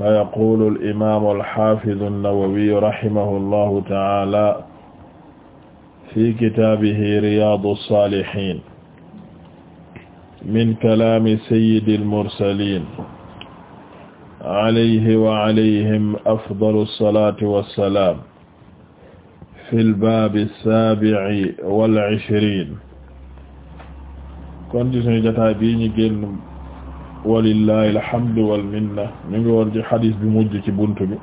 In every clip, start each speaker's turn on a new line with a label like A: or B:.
A: فيقول الإمام الحافظ النووي رحمه الله تعالى في كتابه رياض الصالحين من كلام سيد المرسلين عليه وعليهم أفضل الصلاة والسلام في الباب السابع والعشرين kon ci sunu jotaay bi ñu génn walillahi alhamdu wal minna ñu ngi woon ci xadis bi mujj ci buntu bi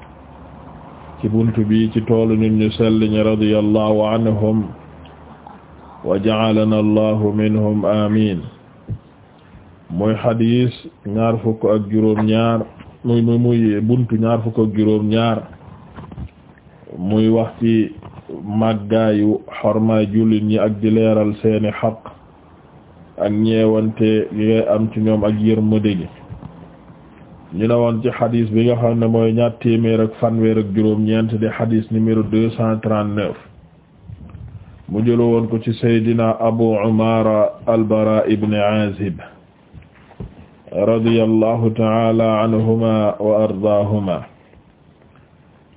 A: ci buntu bi ci toolu ñun ñu ñi radiyallahu anhum wa ja'alana allahu minhum amin muy xadis ñaar fukk ak juróom-ñaar muy muy buntu ñaar fukk ak juróom-ñaar muy wax ci màggaayu xormaay jullit ñi ak di leeral seeni xaq ak ñeewante gi ngay am ci ñoom ak yërmande gi ñu ne woon ci xadis bi nga xam ne mooy ñaar téeméer ak juróom-ñeent di xadis numéro mu jëlo woon ko ci Seydina Abu Umaara al-Baraa ibn Aazib radiyallahu ta'ala anhuma wa ardaahuma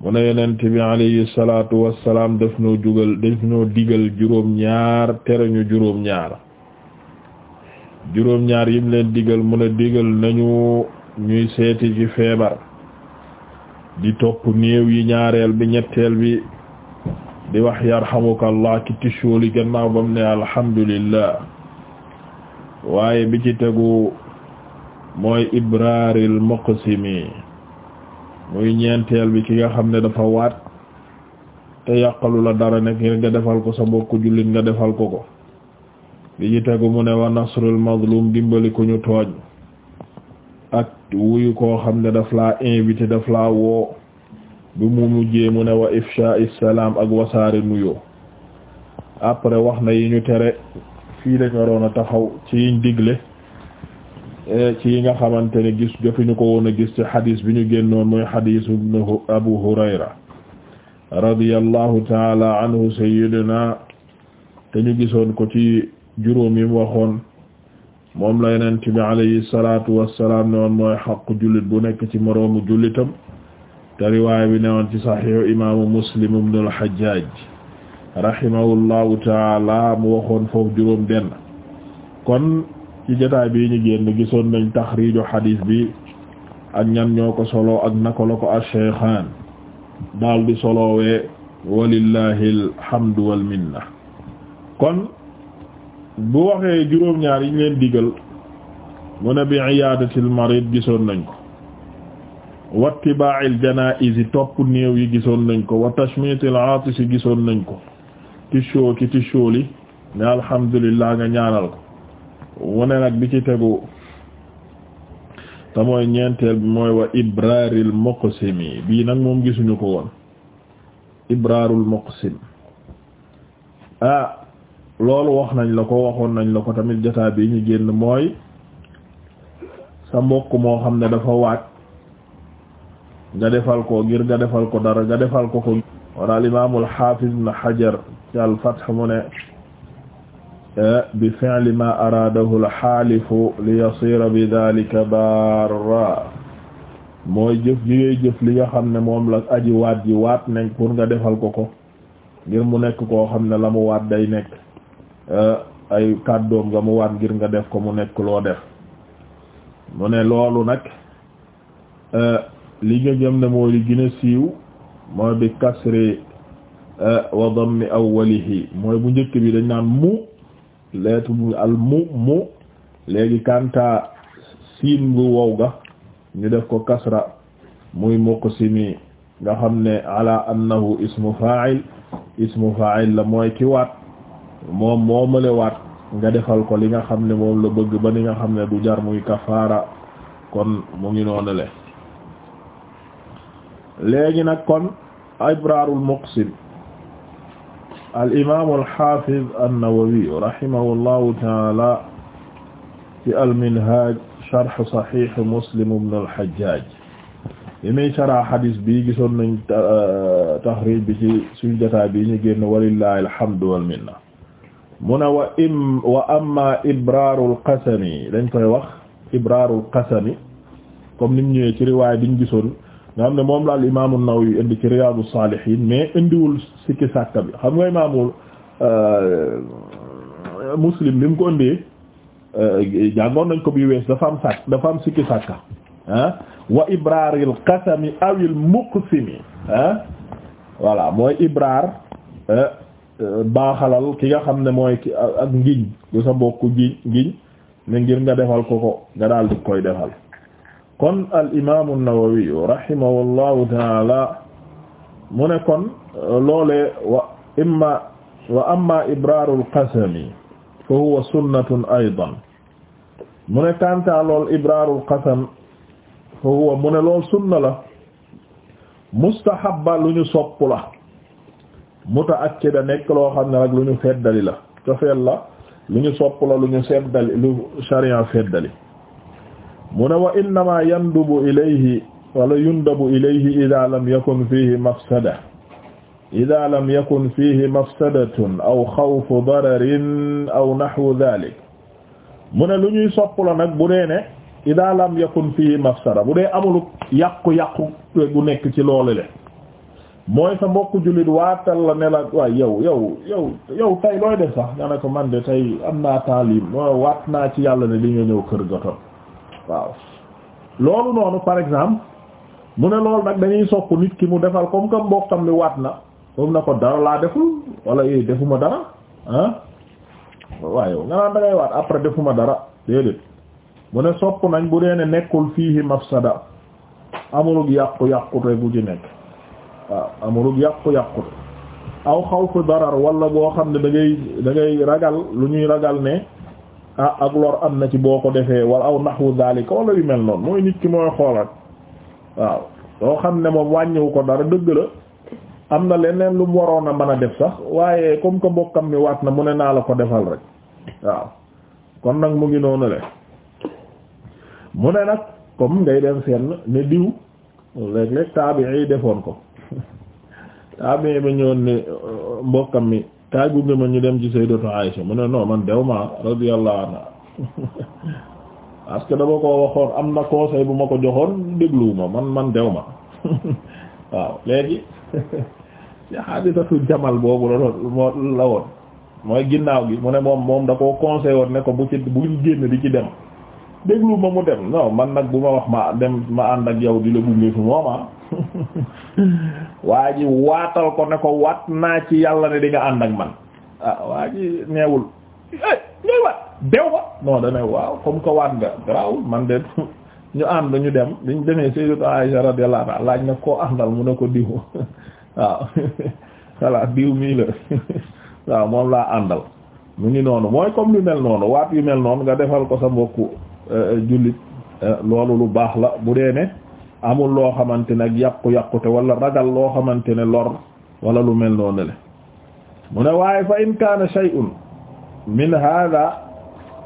A: mu ne yonent bi alayhi salaatu wassalaam daf ñoo digal juróom-ñaar tere ñu juróom-ñaar juróom-ñaar yim leen digal mun a digal nañu ñuy seeti ci feebar di topp néew yi ñaareel bi ñetteel bi di wax yarhamukallah ki li gannaaw bam ne alhamdulillah waaye bi ci tegu mooy ibraaril muqsimi muy ñeenteel bi ki nga xam ne dafa waat te yàqalu la dara nekk nga defal ko sa mbokku jullit nga defal ko ko bi ci tegu mu ne wa nasrul mazlum dimbali ku ñu tooñ ak wuyu koo xam ne daf la invité daf laa woo bi mu mujjee mu ne wa ifsha'i salaam ak wasaare nuyoo après wax na yi ñu tere fii lañ waroon taxaw ci yiñ e, ci yi nga xamante ne gis jotuñu ko woon a gis ci xadis bi ñu génnoon mooy xadisu abu hurayra radiyallahu taala anhu sayyidina te ñu gisoon ko ci juróom yi mu waxoon moom la yonent bi alayhi salaatu wassalaam ne woon mooy xaqu jullit bu nekk ci moroomu jullitam te riwaay bi ne woon ci saxiixu imaamu muslim ibnu al-Hajjaaj rahimahullahu mu waxoon foofu juróom benn kon ci jotaay bi ñu génn gisoon nañ taxriiju xadiis bi ak ñan ñoo ko solo ak naka la ko ash-shaykhaan daal di solowee walillahi alhamdu wal kon bu waxee juróom-ñaar yi ñu leen digal mu ne bi iyaadatil marid gisoon nañ ko wa tibaa'il janaa'iz topp néew yi gisoon nañ ko wa tashmiitil aatis gisoon nañ ko tishoo ki tishoo alhamdulillah nga ñaanal ko mu ne nag bi ci tegu te mooy ñeenteel bi mooy wa ibraaril muqsimi bii nag moom gisuñu ko woon ibraarul muqsim ah loolu wax nañ la ko waxoon nañ la ko tamit jotaay bi ñu génn mooy sa mbokk moo xam ne dafa waat nga defal ko ngir nga defal ko dara nga defal ko ko wala al imam al hafiz ibn hajar mu ne eh, bi fi'li ma aradahu al halifu li yasira bi dhalika barra mooy jëf li nga xam ne moom la aji waat ji waat nañ pour nga defal ko ko ngir mu nekk koo xam ne la mu waat day nekk Eh, ay kàddoom nga mu waat ngir nga def ko mu nekk loo def mu ne loolu nag eh, li nga jëm ne mooy li gën a siiw mooy bi kasri eh, wa dammi awwalihi mooy bu njëkk bi dañ naan mu leetu al mu mu léegi kanta siin bu wow ga ñu def ko kasra muy muqsimi nga xam ne ala annahu ismu fa'il ismu fa'il la mooy ki moom moo mëlewaat nga defal ko li nga xam ne moom la bëgg ba li nga xam ne du jar muy kafaara kon mu ngi noonu le léegi nag kon ibraarul muqsim al imaamu al xaafiz an-Nawawi rahimahullahu taala ci al minhaaj sharh saxiix muslim ibn al hajjaaj li muy sharh xadiis bi gison nañ euh, taxriij bi ci suñu jotaay bi ñu génn walillahi alhamdu wal minna mu ne wa im wa amma ibraarul qasami dañ koy wax ibraarul qasami comme ni mu ñëwee ci riwaay bi ñu gisoon nga xam ne moom la al imaamu Nawawi indi ci riyaadu saalihiin mais indiwul sikki sàkka bi xam nga imaamu euh, muslim bi mu ko indee euh, jàngoon nañ ko bi wees dafa am sàkk dafa am sikki sàkka ah wa ibraaril qasami awil muqsimi ah mooy ibraar euh, baaxalal ki nga xam ne mooy ki ak ngiñ du sa bokk ne ngir nga defal ko ko nga daal di koy defal kon al imaamu Nawawi rahimahullahu taala mu ne kon euh, loole wa imma wa amma qasami fa huwa sunnatun aydan mu ne kanta lool ibraarul qasam fa huwa mu ne lool sunna la mustahabba lu ñu sopp la mutaakkida nekk loo xam ne rek lu la cofeel la lu ñu sopp la lu ñu wala yundabu ilayhi ida lam yakun fihi mafsada ida lam yakun fihi mafsadatun aw xawfu dararin aw naxwu dalik mu ne lu ñuy sopp nag bu dee ne ida lam yakun fihi mafsada bu dee amul yàqu-yàqu nekk ci loolu mooy sa mbokku jullit waatal la ne la waay yow yow yow yow tay looy def sax nga ne ko man de tey am naa taalim waat naa ci yàlla ne li nga ñëw kër goton waaw loolu noonu par exemple mu ne loolu nag dañuy sopp nit ki mu defal comme que mbokkam li waat na comme na ko dara laa deful wala eh defuma dara ah waaye nga naan da ngay waat après defuma dara déedéet mu ne sopp nañ bu dee ne nekkul fii mafsada amulug yàqu yàqu rek bu ci nekk waaw amulug yàqu-yàqu aw xaw xawfu darar wala boo xam ne da ngay ragal lu ñuy ragal ne ah ak lor am na ci boo ko defee wala aw nax wu zalika wala yu mel noonu mooy nit ki mooy xoolaat waaw loo xam ne moom wàññiwu ko dara dëgg la am na leneen lu mu waroon a mën a def sax waaye comme que mbokkam mi waat na mu ne naa la ko defal rek waaw kon nag mu ngi noonu le mu ne nag comme ngay dem seen ne diw léeg-léeg taabi yi defoon ko amee ba ñëwoon ne uh, mbokkam mi kaay gunge ma ñu dem ci sayyidatu Aisha mu ne non man dew ma radiyallahu anha parce que dama ko waxoon am na conseil bu ma ko joxoon dégluwuma man man dew ma waaw léegi ci hadithatu jamal boobu la doon la woon mooy ginnaaw gi mu ne moom moom da koo conseil woon ne ko bu ci bu génn di ci dem dégluwuma mu dem non man nag bu ma wax ma dem ma ànd ak yow di la gunge fu mooma waa ji waatal ko ne ko wat naa ci yàlla ne di nga ànd ak man ah waa ji neewul eh wat dew ba non dane waaw comme que waat nga garaawul man de ñu ànd ñu dem biñ demee Sayyidatu Aisha radiyallahu anha laaj na koo àndal mu ne ko diw waaw voilà diw mii la waaw moom laa àndal mu ngi noonu mooy comme lu mel noonu waat yu mel noonu nga defal ko sa mbokku eh, eh, jullit eh, loolu lu baax la bu dee ne amul loo xamante ne ak yàqu-yàqute walla ragal loo xamante ne lor wala lu mel noonu le mu ne waaye fa in kaana shay'un min hada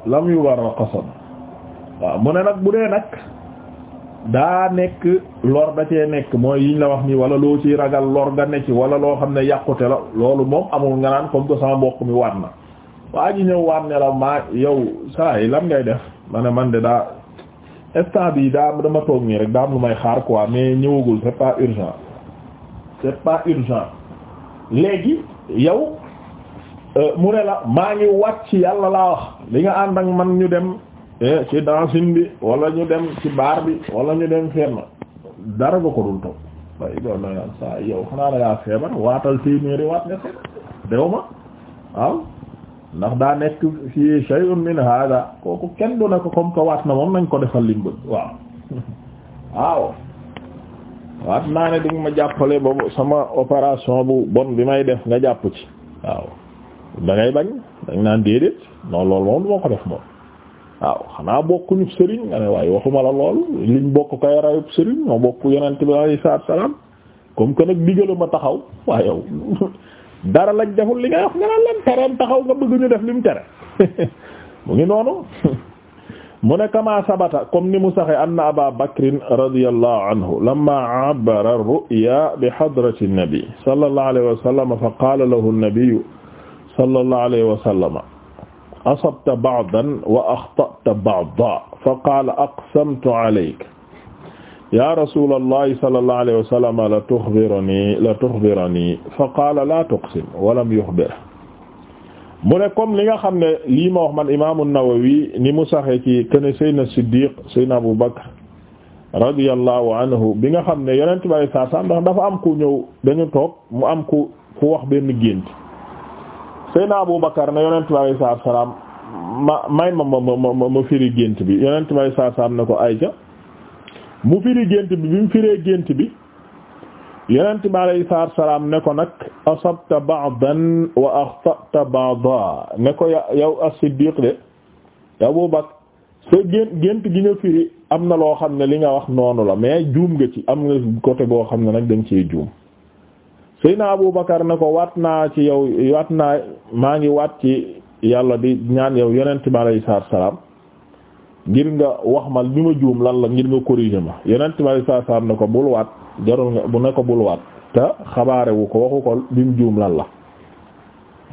A: lam yubarra qasam waaw mu ne nag bu dee nag daa nekk lor da cee nekk mooy yiñ la wax nii wala loo ciy ragal lor nga ne ci wala loo xam ne yàqute la loolu moom amul nga naan comme que sama mbokk mi war na waa ji ñëw waat ne la maa yow saa yi lan ngay def ma ne man de daa instant yi daa dama toog nii rek daa am lu may xaar quoi mais ñëwagul c'est pas urgent c'est pas urgent léegi yow euh, mu ne la maa ngi ci yàlla laa wax li nga ànd ak man ñu dem eh, ci dancing bi wala ñu dem ci baar bi wala ñu dem fenn dara nga ko dul toog waaye loolu yow xanaa da ngaa feebar waatal téeméeri waat nga feebar dew ma waaw. ndax daa nekk fii shay'un min hada kooku kenn du ne ko comme que waat na moom nañ ko defal lim bëgg waaw waaw waat naa ne dinga ma jàppale ba sama opération bu bon bi may def nga jàpp ci waaw da ngay bañ dañ naan déedéet noonu lool moom du ko def moom waaw xanaa bokkuñu sëriñ nga ne waaye waxuma la lool liñ bokk kay rayub sëriñ moo bokk yonent bi alayhi salaam comme que nag digala ma taxaw waaye yow dara lañ deful li nga wax nga naan leen tereem taxaw nga bëgg ñu def li mu tere mu ngi noonu mu ne kama sabata comme ni mu saxe anna aba bakrin radiyallahu anhu lamma abara ru'ya bi hadrati nabi sallallahu alayhi wa sallam fa qala lahu an-nabi sallallahu alayhi wa sallam asabta ba'dan wa akhta'ta ba'dan fa qala aqsamtu alayka yaa rasulallahi sallallahu alayhi wa la tuxbirani la tuxbirani fa qaala laa tuqsim walam yuxbir mu ne comme li nga xam ne lii ma wax man imaamu Nawawi ni mu saxee ci kene Seydina Siddiq Seydina Abu Bakr radiyallahu anhu bi nga xam ne yonent bi sallallahu alayhi wa ndax dafa am ku ñëw dañu toog mu am ku ku wax benn gént Seydina Abu Bakr ne yonent bi sallallahu alayhi wa ma may ma ma ma ma firi gént bi yonent bi sallallahu alayhi wa sallam ne ko ayca. mu firi gént bi bi mu firee gént bi yonent bi alayhi salaam ne ko nag asabta ba'dan wa axta'ta ba'dan ne ko yow as-Siddiq de yow Abu Bakr sa gént gént gi nga firi am na loo xam ne li nga wax noonu la mais juum nga ci am nga côté boo xam ne nag dañ nga cee juum Seydina Abu Bakr ne ko waat naa ci yow waat naa maa ngi waat ci yàlla di ñaan yow yonent bi alayhi salaatu wa ngir nga wax ma li ma juum lan la ngir nga corriger ma yenent ma saa saa ne ko bul waat jarul nga bu ne ko bul waat te xabaare wu ko waxu ko bi mu juum lan la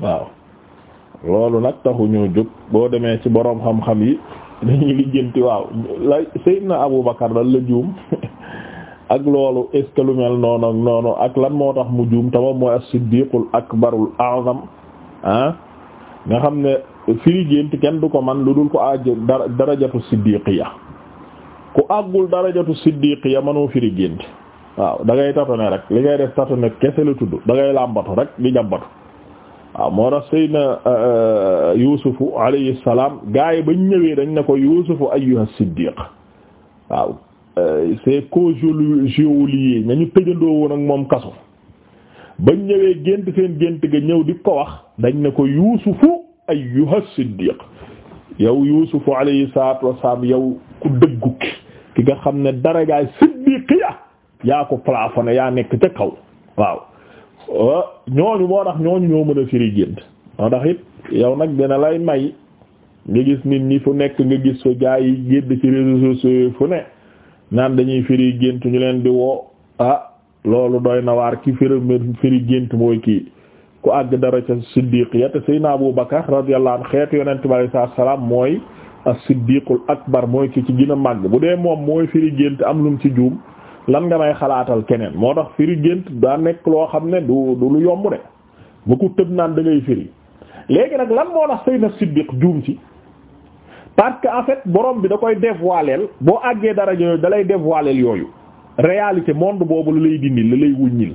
A: waaw loolu nag taxu ñu jóg boo demee ci boroom xam-xam yi dañuy lijjanti waaw la Seydina Abu Bakar lan la juum ak loolu est ce que noonu ak lan moo tax mu juum te moom mooy as-Siddiqul Akbarul A'zam ah nga xam ne firi gént kenn du ko man lu dul ko àgg darajatu siddiqiya ku àggul darajatu siddiqiya mënoo firi gént waaw dangay ngay tatone rek li ngay def tatone kese la tudd da ngay làmbatu rek di jàmbatu waaw moo tax Seydina euh, euh, Yuusufu alayhi salaam gaa yi bañ ñëwee dañ ne ko Yuusufu ayyuha siddiq waaw euh, c'est co-geôlier nañu tëjandoo woon ak moom kaso bañ ñëwee gént seen gént ga ñëw di ko wax dañ ne ko Yuusufu ayyuha siddiq yow yuusufu alayhi salaatu wasalaam yow ku dëggu ki nga xam ne darajaay siddiqiya yaa ko plafonné yaa nekk ca kaw waaw oh, ñooñu moo tax ñooñu ñoo mën a firi moo tax it yow nag dina lay may nga gis nit ñi fu nekk nga gis fa gaa yi gédd ci réseaux sociaux fu ne naan dañuy firi gént ñu leen di woo ah, loolu doy na waar ki firi firi gént mooy kii ku àgg daraja siddiqiya te Seydina Abu Bakar radiyallahu anhu xeetu yonent bi alayhi salaam mooy as-siddiqul akbar mooy ki ci gën màgg bu dee moom mooy firi gént am lum ci juum lan nga may xalaatal keneen moo tax firi gént daa nekk loo xam ne du du lu yomb de bu ko tëb naan da ngay léegi nag lan moo tax Seydina Siddiq juum ci parce que en fait borom bi da koy dévoileel boo àggee daraja yooyu dalay lay yooyu réalité monde boobu la lay dindi la lay wuññil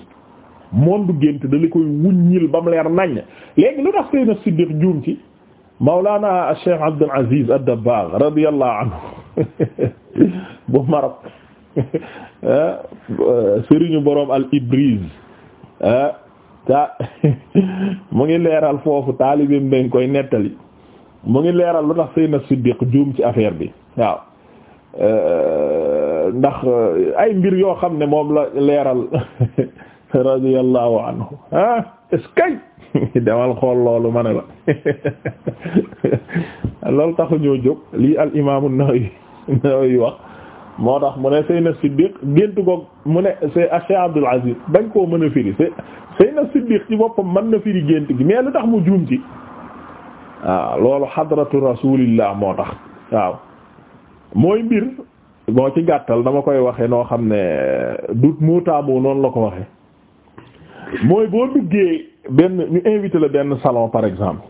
A: monde gént dala koy wuññil ba mu leer naññ léegi lu tax Seydina Siddiq juum ci Mawlana Cheikh Abdul Aziz ad-Dabbagh radiyallahu anhu bu Maroc ah, sëriñu boroom al Ibriz ah, ta mu ngi leeral foofu taalibeem dañ koy nettali mu ngi leeral lu tax Seydina Siddiq juum ci affaire bi waaw eh, ndax eh, ay mbir yoo xam ne moom la leeral radiyallahu anhu ah est-ce que demal xool loolu ma ne la loolu tax ñoo jóg lii al imaam an-Nawawi wax moo tax mu ne Seyna Siddiq gént goog mu ne c'est Cheikh Abdul Aziz bañ koo mën a firi c'est Seyna Siddiq ci boppam mën na firi gént gi mais lu tax mu juum ci waaw ah, loolu xadratu rasulillah moo tax waaw mooy mbir moo ci gàttal dama koy waxe noo xam ne dut moo taamu noonu la ko waxe mooy boo duggee benn ñu invité la benn salon par exemple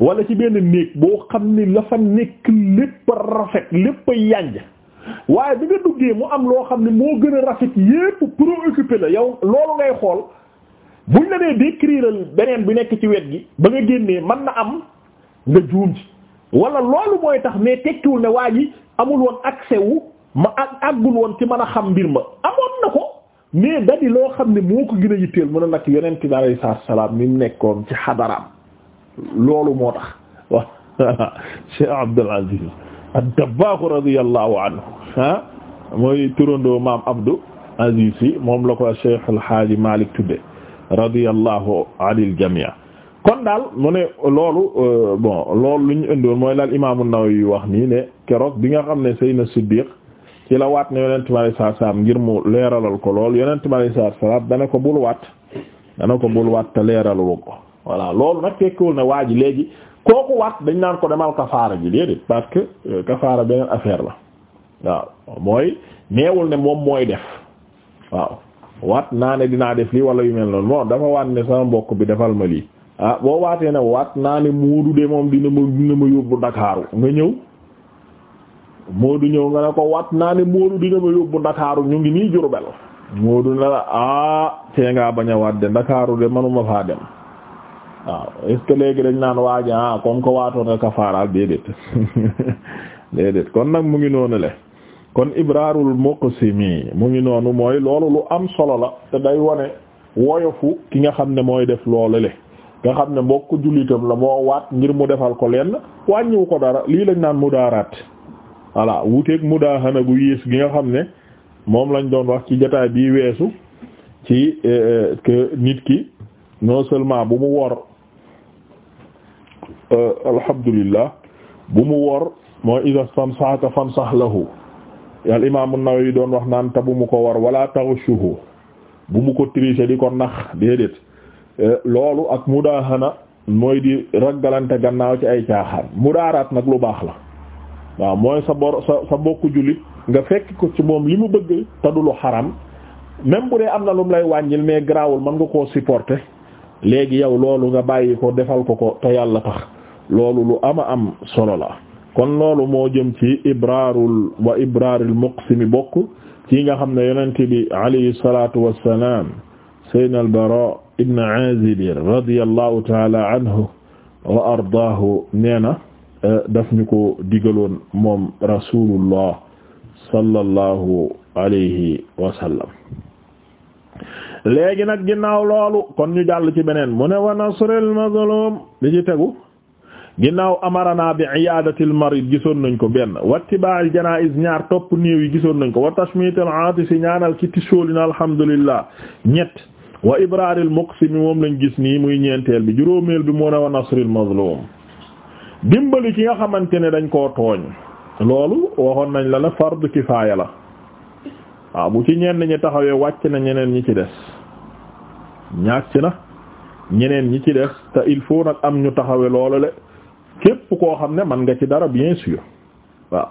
A: wala ci benn néeg boo xam ni la fa nekk lépp rafet lépp yànj waaye bi nga duggee mu am loo xam ne moo gën a rafet yépp préoccupé la yow loolu ngay xool buñ la dee décrire beneen bi nekk ci wet gi ba nga génnee mën na am nga juum ci wala loolu mooy tax mais tekkiwul ne waa ji amul woon accès wu ma àggul woon ci mën a xam mbir ma amoon na ko mais dadi loo xam ne moo ko gën a yitteel mu ne nag yonent bi alayhi salaam mi ci xadaraam loolu moo tax wa Cheikh Abdul Aziz ad-Dabbagh radiyallahu anhu ah mooy turandoo maam Abdou Aziz si moom la ko Cheikh El Hadj Malick tudde radiyallahu anil jamii kon daal mu ne loolu euh, bon loolu lu ñu indi woon mooy laal imaamu Nawawi wax nii ne keroog bi nga xam ne Seydina Siddiq ci la waat ne yonent bi alayhi salaatu ngir mu leeralal ko lool yonent bi alayhi salaatu salaam dana ko bul waat dana ko bul waat te leeralalu ko voilà loolu nag tekkiwul ne waa ji léegi kooku waat dañ naan ko demal kafaara ji déedéet parce que euh, kafaara beneen affaire la waaw mooy neewul ne moom mooy def waaw waat naa ne dinaa def lii wala yu mel noonu moom dafa waat ne sama mbokk bi defal ma lii ah boo waatee ne waat naa ne muudu de moom dina ma dina ma yóbbu ñëw Moodu ñëw nga ne ko waat naa ne Moodu dina ma yóbbu Ndakaaru ñu ngi nii Jurbel Moodu ne la ah cee ngaa bañ a waat de Ndakaaru de manuma faa dem waaw est-ce que léegi dañ naan waaji ah comme que waatoon nga kafaaraal déedéet déedéet kon nag mu ngi noonu le kon ibraarul muqsimi mu ngi noonu mooy loolu lu am solo la te day wone woyofu ki nga xam ne mooy def loolu le nga xam ne mbokk jullitam la moo waat ngir mu defal ko lenn wàññiwu ko dara lii lañ naan mudaaraat voilà wuuteeg mudaahana gu yées gi nga xam ne moom lañ doon wax ci jotaay bii weesu ci eh, eh, que nit ki non seulement bu mu wor eh, alhamdulillah bu mu wor mooy iza stamsahaka famsah lahu al imam an-Nawawi doon wax naan ta bu mu ko war wala taghshuhu bu mu ko tricher di ko nax déedéet loolu ak mudaahana mooy di raggalante gannaaw ci ay caaxaan mudaaraat nag lu baax la waaw mooy sa bor sa bokku jullit nga fekk ko ci moom li mu bëgg te du lu xaram même bu dee am na lu mu lay wàññil mais garaawul mën nga koo supporter léegi yow loolu nga bàyyi ko defal ko ko te yàlla tax loolu lu ama am solo la kon loolu moo jëm ci ibraarul wa ibraarul muqsimi bokk ci nga xam ne yonent bi alayhi salatu wassalam sayyidina al-Bara ibn Azib radiyallahu ta'ala anhu wa ardaahu nee na Euh, daf ñu ko digaloon moom rasulullah sallallahu alayhi wa sallam léegi nag ginnaaw loolu kon ñu jàll ci beneen mu wa nasril mazlum li ci tegu ginnaaw amarana bi iyadatil marid gisoon nañ ko benn wattiba'il janaiz ñaar topp néew yi gisoon nañ ko wa tashmitil aatis ñaanal ci tisóolina alhamdulillah ñett wa ibraril muqsim moom lañ gis nii muy ñeenteel bi juróomeel bi mu ne wa nasril mazlum dimbali ci nga xamante ne dañ koo tooñ loolu waxoon nañ la la fardu kifaaya la waaw bu ci ñeen ñi taxawee wàcc na ñeneen ñi ci des ñàcc na ñeneen ñi ci des te il faut nag am ñu taxawee loolu le képp koo xam ne mën nga ci dara bien sûr waaw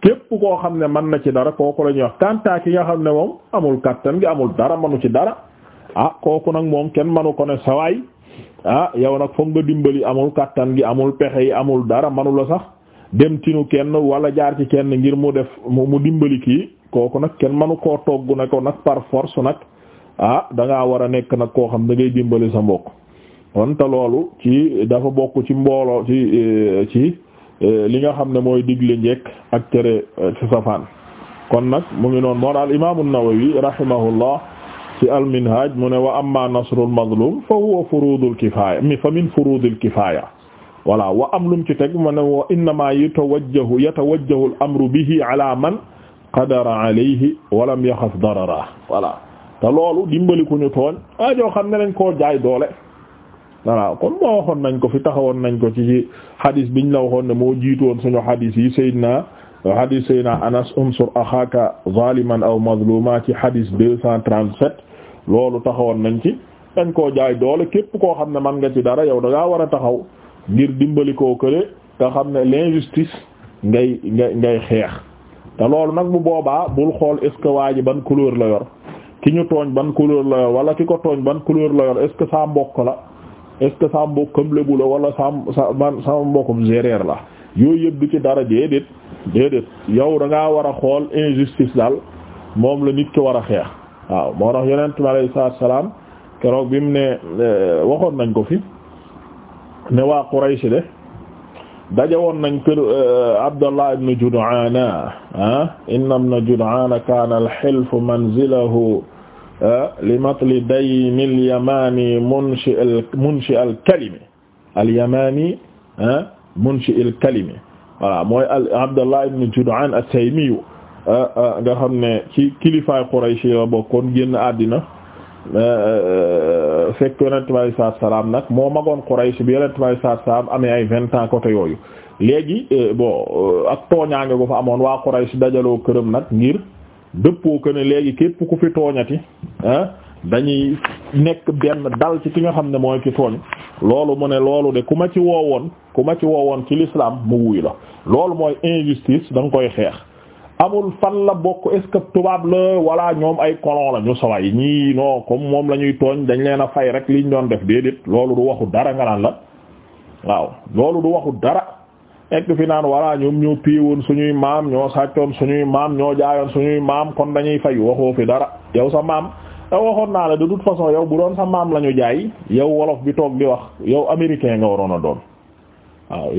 A: képp koo xam ne mën na ci dara kooku la ñuy wax kantaa ki nga xam ne moom amul kàttan gi amul dara manu ci dara ah kooku nag moom kenn manu ko ne sawaay ah yow nag foog nga dimbali amul kàttan gi amul pexe yi amul dara manula sax dem tinu kenn wala jaar ci kenn ngir mu def mu dimbali kii kooku nag kenn manu koo togg ne ko nag par force nag ah da war a nekk nag koo xam dangay ngay dimbali sa mbokk kon te loolu ci dafa bokk ci mbooloo ci eh, ci eh, li nga xam ne mooy digle njekk ak tere eh, ci safaan kon nag mu ngi noonu moo daal imaamu Nawawi rahimahullah ci al-Minhaj mu ne wa amma nasrul mazlum fa huwa furudul kifaya mi fa min furudil kifaya voilà wa am lum ci teg mu ne wa innama yatawajjahu yatawajjahu al-amru bihi ala man qadara alayhi wa lam yaxaf darara voilà te loolu dimbali ku ñu tooñ ah joo xam ne dañ koo jaay doole voilà kon moo waxoon nañ ko fi taxawoon nañ ko ci xadis biñ la waxoon ne moo jiitoon suñu xadis yi Seydina xadis Seydina Anas unsur um axaaka zaliman aw mazluma ci xadis deux cent trente-sept loolu taxawoon nañ ci dañ koo jaay doole képp koo xam ne man nga ci dara yow da ngaa war a taxaw ngir dimbali koo kële nga xam ne l'injustice ngay ngay ngay xeex te loolu nag bu boobaa bul xool est ce que waa ji ban couleur la yor ki ñu tooñ ban couleur la yor wala ki ko tooñ ban couleur la yor est ce que saa mbokk la est ce que saa mbokkam lébu la wala saa sa man saa mbokkum géréer la yooyu yëpp du ci dara déedéet déedéet yow da ngaa war a xool injustice daal moom la nit ki war a xeex. waaw moo tax yonent bi alayhi salaatu salaam keroog bi mu ne waxoon nañ ko fi ne waa Quraysh de daje woon nañ kër euh, Abdallah ibn Jud'aan ah inna ibn Jud'aan kaana al-hilfu manzilahu ah, li matli dayni al-yamani munshi munshi al-kalimi al-yamani ah, munshi al-kalimi voilà mooy Abdallah ibn Jud'aan at-Taymi Euh, euh, nga xam ne ci kilifaay Quraysh la bokkoon génn àddina euh, fekk yonent bi alayhi salaam nag moo magoon Quraysh bi yonent bi alayhi amee ay vingt côté yooyu léegi bon ak tooñaange ko fa amoon waa Quraysh dajaloo këram nag ngir dëppoo ko ne léegi képp ku fi tooñati ah dañuy nekk benn dal ci ki nga xam ne mooy ki tooñ loolu mu ne loolu de ku ma ci woowoon ku ma ci woowoon ci lislaam mu wuy la loolu mooy injustice da koy xeex. amul fan la bokk est-ce que tubaab la wala ñoom ay colon la ñu saway ñii non comme moom la ñuy tooñ dañ leen a fay rek liñ doon def déedéet loolu du waxu dara nga naan la waaw loolu du waxu dara nekk fi naan wala ñoom ñoo piiwoon suñuy maam ñoo sàccoon suñuy maam ñoo jaayoon suñuy maam kon dañuy fay waxoo fi dara yow sa maam te waxoon naa la de toute façon yow bu doon sa maam la ñu jaay yow wolof bi toog di wax yow américain nga waroon a doon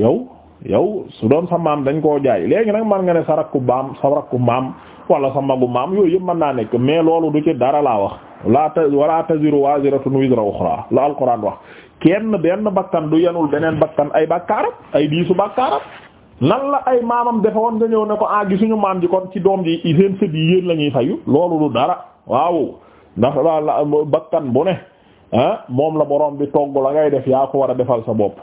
A: yow yow su doon sa maam dañ koo jaay léegi nag man nga ne sa rakku baam sa rakku maam wala sa magu maam yooyu yëpp mën naa nekk mais loolu du ci dara laa wax laa ta wala taziru waziratun wizra ukhra la alquran wax kenn benn bakkan du yenul beneen bakkan ay bàkkaaram ay diisu bàkkaaram lan la ay maamam defe woon nga ñëw ne ko ah gisuñu maam ji kon ci doom ji seen sët yi yéen la ñuy fayu loolu du dara waaw ndax la bakkan bu ne ah moom la boroom bi togg la ngay def yaa ko war a defal sa bopp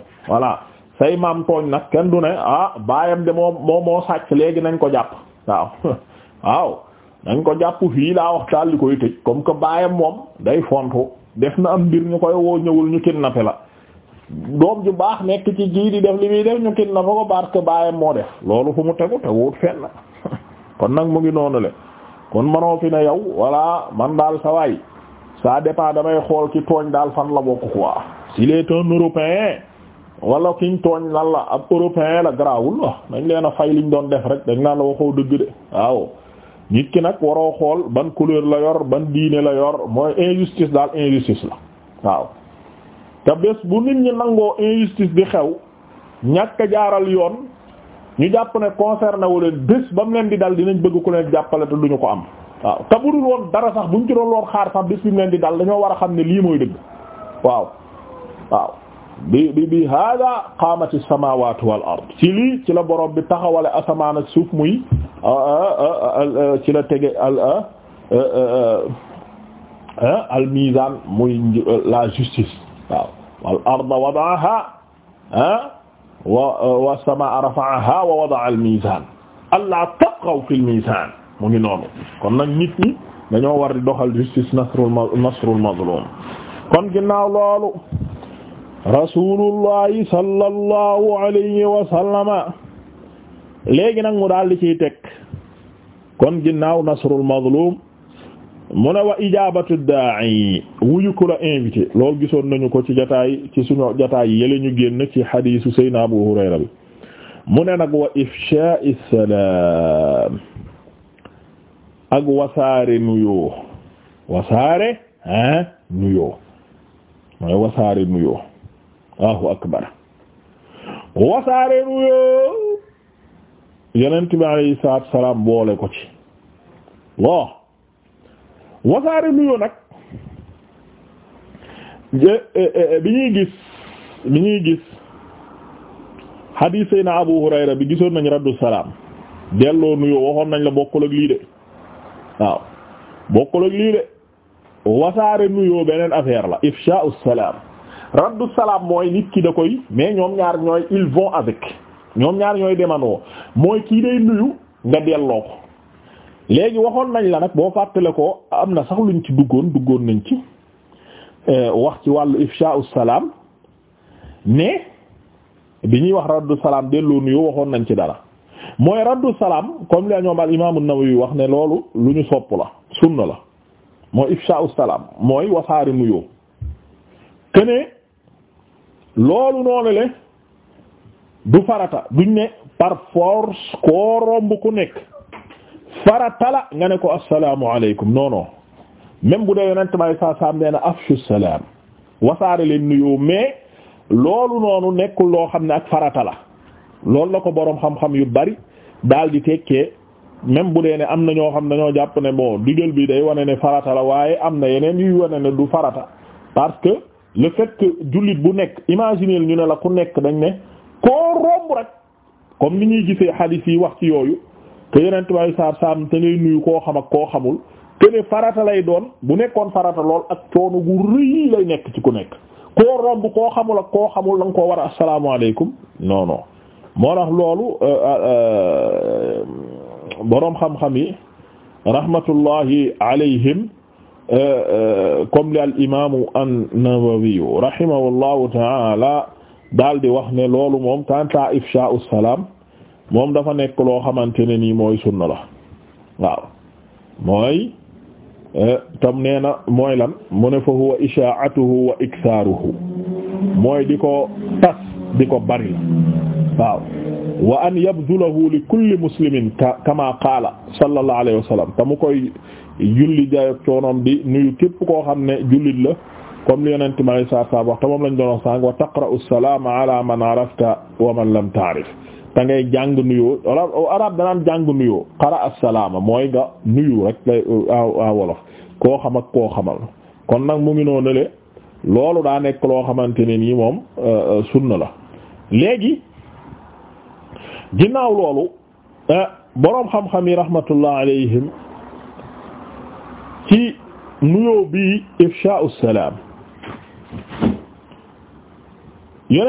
A: say maam tooñ nag kenn du ne ah baayam de moo moo moo sàcc léegi nañ ko jàpp waaw waaw nañ ko jàpp fii laa wax taal li koy tëj comme que baayam moom day fontu def na am mbir ñu koy woo ñëwul ñu kidnappé la doom ju baax nekk ci jii di def li muy def ñu kidnappé ko parce que baayam moo def loolu fu mu tegu teguwut fenn kon nag mu ngi noonu le kon manoo fi ne yow voilà man daal sa waay ça damay xool ci tooñ daal fan la bokk quoi s'il est un wala kiñ tooñ lan la ab européen la garaawul wax dañ leen a fay liñ doon def rek dañ naan la waxoo dëgg de waaw nit ki nag waroo xool ban couleur la yor ban diine la yor mooy injustice daal injustice la waaw te bés bu nit ñi nangoo injustice di xew ñàkk jaaral yoon ñu jàpp ne concerné wu leen bés ba mu leen di dal dinañ bëgg ko leen jàppale te duñu ko am waaw te bu dul woon dara sax buñ ci doon loon xaar sax bés bi mu leen di dal dañoo war a xam ne lii mooy dëgg waaw waaw bi bi bi hada qaamati samawatu wal ard ci lii ci la borom bi taxawale asamaan ak muy ah, ah, ah, ci la tege al mizan muy la justice waaw wal arda wadaaha wa wa samaa rafaaha wa wadaa al mizan alla taqaw fil mizan mu ngi noonu kon nag nit ñi dañoo war di doxal justice nasrul nasrul mazlum kon ginnaaw loolu rasulullahi sallallahu alayhi wa sallama léegi nag mu daal ci ciy kon ginnaaw nasrul mazlum mu ne wa ijabatu daa'i wuyu ku invité loolu gisoon nañu ko ci jataay ci suñu jataay yële ñu génn ci hadisu sayna Abu Hurayra bi mu ne nag wa ifshaa'i salaam ak wasaare nuyoo wasaare ah nuyoo mooy wasaare nuyoo Allahu akbar wasaare nuyoo yonent bi alayhi salaam boole ko ci loo wasaare nuyoo nag eh, eh, eh, bi ñuy gis bi ñuy gis hadiis na Abu Hurayra bi gisoon nañ raddu salaam delloo nuyoo waxoon nañ la bokkul ak lii de waaw bokkul ak wasaare nuyoo beneen affaire la ifshaa'u salaam raddu salaam mooy nit ki da koy mais ñoom ñaar ñooy ils vont avec ñoom ñaar ñooy demandoo mooy kii day nuyu nga delloo ko léegi waxoon nañ la nag boo fàttale ko am na sax luñ ci duggoon duggoon nañ ci euh, wax ci wàllu ifsha'u salaam ne bi ñuy wax raddu salaam delloo nuyu waxoon nañ ci dala mooy raddu salaam comme li ñoom al imaamu Nawawi wax ne loolu lu ñu sopp la sunna la moo ifsha'u salaam mooy wasaari nuyoo kene loolu noonu le du farata duñ ne par force koo romb ku nekk farata la nga ne ko assalaamu alaykum non non même bu dee yonent may saa saam nee na afshu salaam wasaare leen nuyoo mais loolu noonu nekkul loo xam ne ak farata la loolu la ko boroom xam-xam yu bari daal di tekkee même bu dee ne am na ñoo xam dañoo jàpp ne bon digal bi day wane ne farata la waaye am na yeneen yuy wane ne du farata parce que le fait que jullit bu nekk imagineel ñu ne la ku nekk dañ ne koo romb rek comme ni ñuy gisee hadith yi wax ci yooyu te yeneen tubaab yi saar saam te ngay nuyu koo xam ak koo xamul te ne farata lay doon bu nekkoon farata lool ak coono gu rëy lay nekk ci ku nekk koo romb koo xamul ak koo xamul la koo war a asalaamaaleykum noonoo moo tax loolu euh, euh, euh, boroom xam-xam yi rahmatullahi alayhim comme li al imaamu ta'ala daal di wax ne loolu moom kanta ifsha'u salaam moom dafa nekk loo xamante ne nii mooy sunna la waaw mooy eh, tam nee na mooy lan mu ne fa huwa wa ikthaaruhu mooy di ko tas di ko bari wa an yabdhulahu li kulli kama qaala sallallahu alayhi wa sallam ta koy julli jaayog coonoom di nuyu képp koo xam ne jullit la comme li yonente ma lay saa saa wax te moom lañ doon sànq wa taqra'u salaama ala man arafta wa man lam ta'rif te ngay jàng nuyoo arab danaan jàng nuyoo qara assalaama mooy nga nuyu rek lay a wolof koo xam ak koo xamal kon nag mu ngi noonu le loolu daa nekk loo xamante ne nii moom euh, euh, sunna la léegi ginnaaw loolu euh, boroom xam-xam yi rahmatullah alayhim ci nuyoo bi ifshaa'u salaam